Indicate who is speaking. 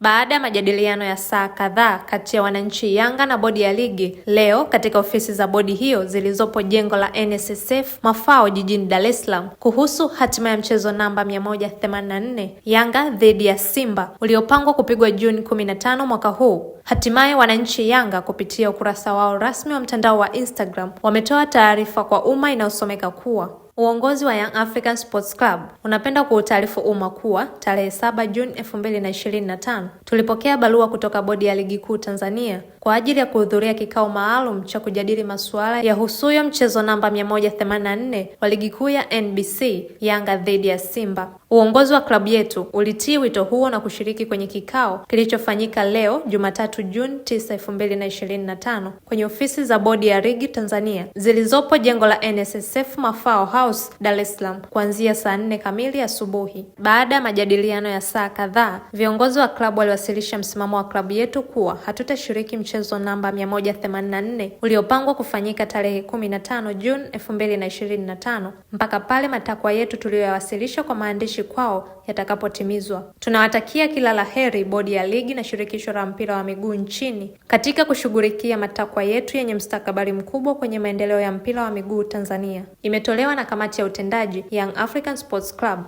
Speaker 1: Baada ya majadiliano ya saa kadhaa kati ya wananchi Yanga na bodi ya ligi, leo katika ofisi za bodi hiyo zilizopo jengo la NSSF Mafao jijini Dar es Salaam kuhusu hatima ya mchezo namba 184 Yanga dhidi ya Simba uliopangwa kupigwa Juni 15 mwaka huu. Hatimaye wananchi Yanga kupitia ukurasa wao rasmi wa mtandao wa Instagram wametoa taarifa kwa umma inayosomeka kuwa Uongozi wa Young African Sports Club unapenda kuutaarifu umma kuwa tarehe 7 Juni 2025 tulipokea barua kutoka Bodi ya Ligi Kuu Tanzania kwa ajili ya kuhudhuria kikao maalum cha kujadili masuala ya husuyo mchezo namba 184 wa Ligi Kuu ya NBC Yanga dhidi ya Simba. Uongozi wa klabu yetu ulitii wito huo na kushiriki kwenye kikao kilichofanyika leo Jumatatu Juni 9, 2025 kwenye ofisi za Bodi ya Ligi Tanzania zilizopo jengo la NSSF mafao hao House, Dar es Salaam kuanzia saa nne kamili asubuhi. Baada ya majadiliano ya saa kadhaa, viongozi wa klabu waliwasilisha msimamo wa klabu yetu kuwa hatutashiriki mchezo namba 184 uliopangwa kufanyika tarehe 15 Juni 2025 mpaka pale matakwa yetu tuliyoyawasilisha kwa maandishi kwao yatakapotimizwa. Tunawatakia kila la heri bodi ya ligi na shirikisho la mpira wa miguu nchini katika kushughulikia matakwa yetu yenye mstakabali mkubwa kwenye maendeleo ya mpira wa miguu Tanzania. Imetolewa na kamati ya utendaji Young African Sports Club